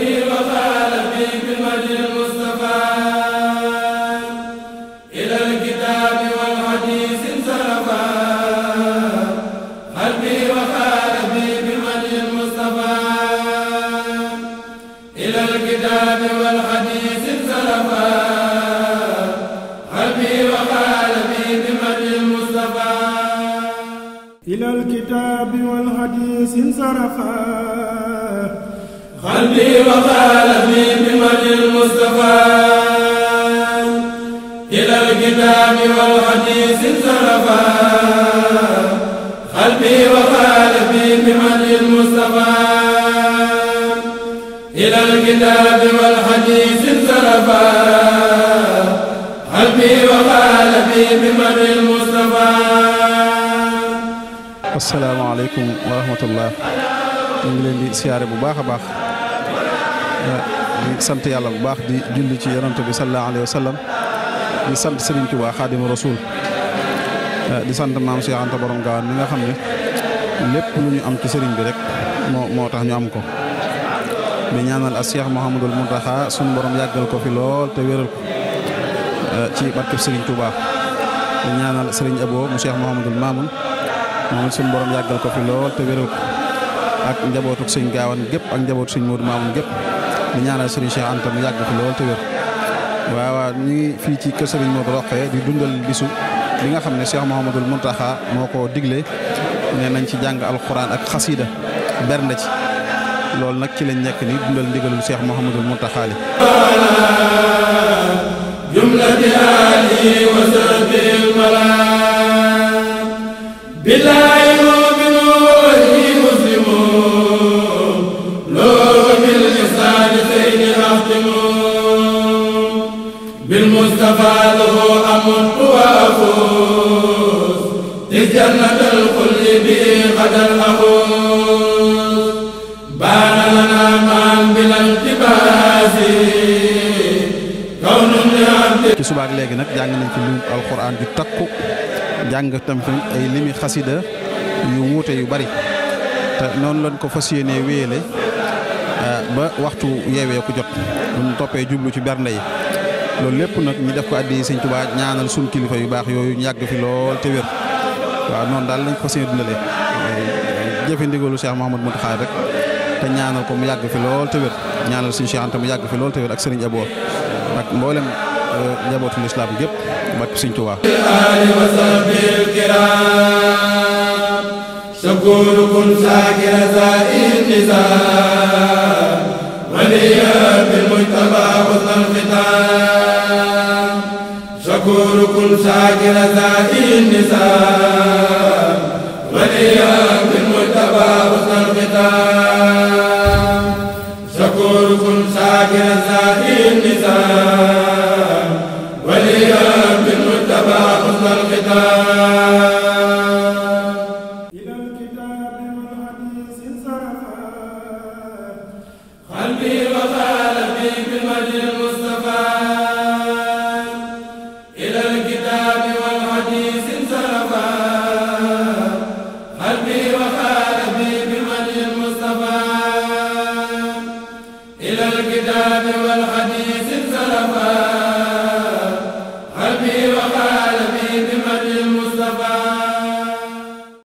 إلى الكتاب والحديث انصرفا قلبي وقلبي بوجه المصطفى إلى الكتاب والحديث انصرفا قلبي وقلبي بوجه المصطفى إلى الكتاب والحديث انصرفا قلبي وقلبي بمن المصطفى asalaamaaleykum wa rahmatullah ñu ngi leen di siyaare bu baax a baax di sant yàlla bu baax di julli ci yonent bi sallallahu alayhi wa di sant Sëriñ Tuubaa Xaadimu Rasuul di sant maam Cheikh Anta Borom Gaawaan mi nga xam ne lépp lu ñu am ci sëriñ bi rek moo moo tax ñu am ko di ñaanal as Cheikh Mouhamadul Muntaxa sunu borom yàggal ko fi lool te wéral ko ci barkeb Sëriñ Tuubaa di ñaanal Sëriñ Abo mu seex Mouhamadul Mamoun moom si borom yàggal ko fi lool te wéral ko ak njabootuk sëñ gaawan gépp ak njabootu sëñ Modou Mamoun gépp di ñaanal sëriñ Cheikh Anta mu yàgg fi lool te wér waaw waaw ñu ngi fii ci kër sëriñ Modou di dundal bisu bi nga xam ne Cheikh Mouhamadul Mountakha moo ko digle ne nañ ci jàng alxuraan ak xasiida bernde ci loolu nag ci lañ nekk ni dundal ndigalul Cheikh Mouhamadul Mountakha li بالمصطفى له أمر وأفوز إذ جنة الخلد بي غدا أفوز بان لنا معا بلا التباس كون لعبد ci subaak léegi nag jàng nañ ci lu alxuraan ju takku jàng tam ay limi xasida yu wuute yu bari te noonu lañ ko fas yéenee wéyale eh, ba waxtu yeewee ku jot bu ñu toppee jublu ci bernde yi loolu lépp nag ñu def ko addi sëñ Tuubaa ñaanal kilifa yu baax yooyu ñu yàgg fi lool te wér waaw noonu daal lañ ko seen dundale jëfe ndigalu Cheikh Mouhamadou Mountakha rek te ñaanal ko mu yàgg fi lool te wér ñaanal suñu Cheikh Anta yàgg fi lool te wér ak sëriñ Abor ak mboolem euh, njabootu lislaam gépp barke sëñ Tuubaa شكوركم ساكن زائر النساء وليا بالمجتبى وصل كن شاكرة النساء وليا بالمتبع حسن الختام شكور كن شاكرة النساء